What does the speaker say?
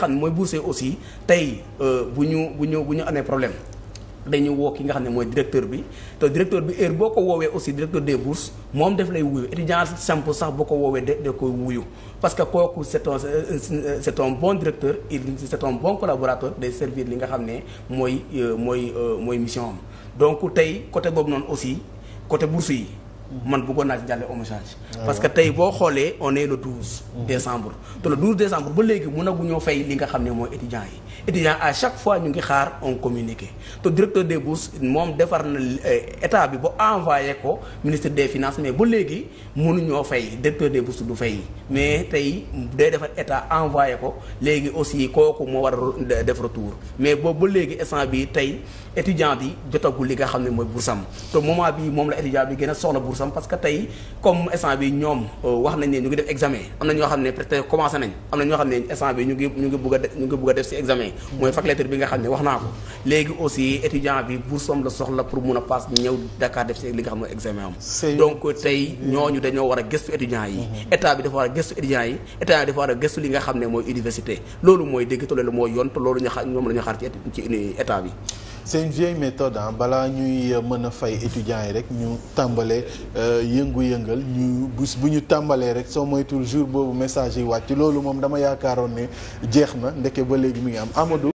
xam ne mooy boursier aussi tey euh, bu ñu bu ñu bu ñu amee problème dañu woo ki nga xam ne mooy directeur bi te directeur bi heure boo ko woowee aussi directeur des bourses moom def lay wuyu étudiant simple sax boo ko woowee de da koy wuyu parce que kooku c'est un euh, c'est un bon directeur il c'est un bon collaborateur day servir li nga xam ne mooy euh, mooy mooy mission am donc tey côté boobu noonu aussi côté bourse yi man bëggoon naa ci jàlle hommage ah parce que tey boo xoolee on est le 12 décembre te le 12 décembre ba léegi mënaguñoo fay li nga xam ne mooy étudiants yi étudiants à chaque fois ñu ngi xaar on communiqué te directeur des bourses moom defar na euh, état bi ba envoyé ko ministre des finances mais ba léegi ñoo fay directeur des bourses du fay mais tey day defar état envoyé ko léegi aussi kooku moo war a def retour mais boobu ba léegi instant bi tey étudiant bi jotagul li nga xam ne mooy bursam te moment bi moom la étudiant bi gën a soxla bursam parce que tey comme instant bi ñoom euh, wax nañ ne def examen am na ñoo xam ne peut-être commencé nañ am na ñoo xam ne instant bi ñu ngi a a def si examen mooy fac lettres la pour mun a pass ñëw Dakar def si li nga xam ne examen am donc tey ñooñu dañoo war a gëstu étudiant yi mm-hmm. état bi dafa war a gëstu étudiant yi état bi dafa war a gëstu li nga xam ne mooy université loolu mooy dégg te loolu mooy yoon te loolu ñu xaar bi c'est une vieille méthode ah balaa ñuy euh, mën a fay étudiants yi rek ñu tàmbalee euh, yëngu-yëngal ñu bés bu ñu tàmbalee rek soo moytul jour boobu message yi wàcc loolu moom dama yaakaaroon ne jeex na ndeke ba léegi mi ngi am Amadou.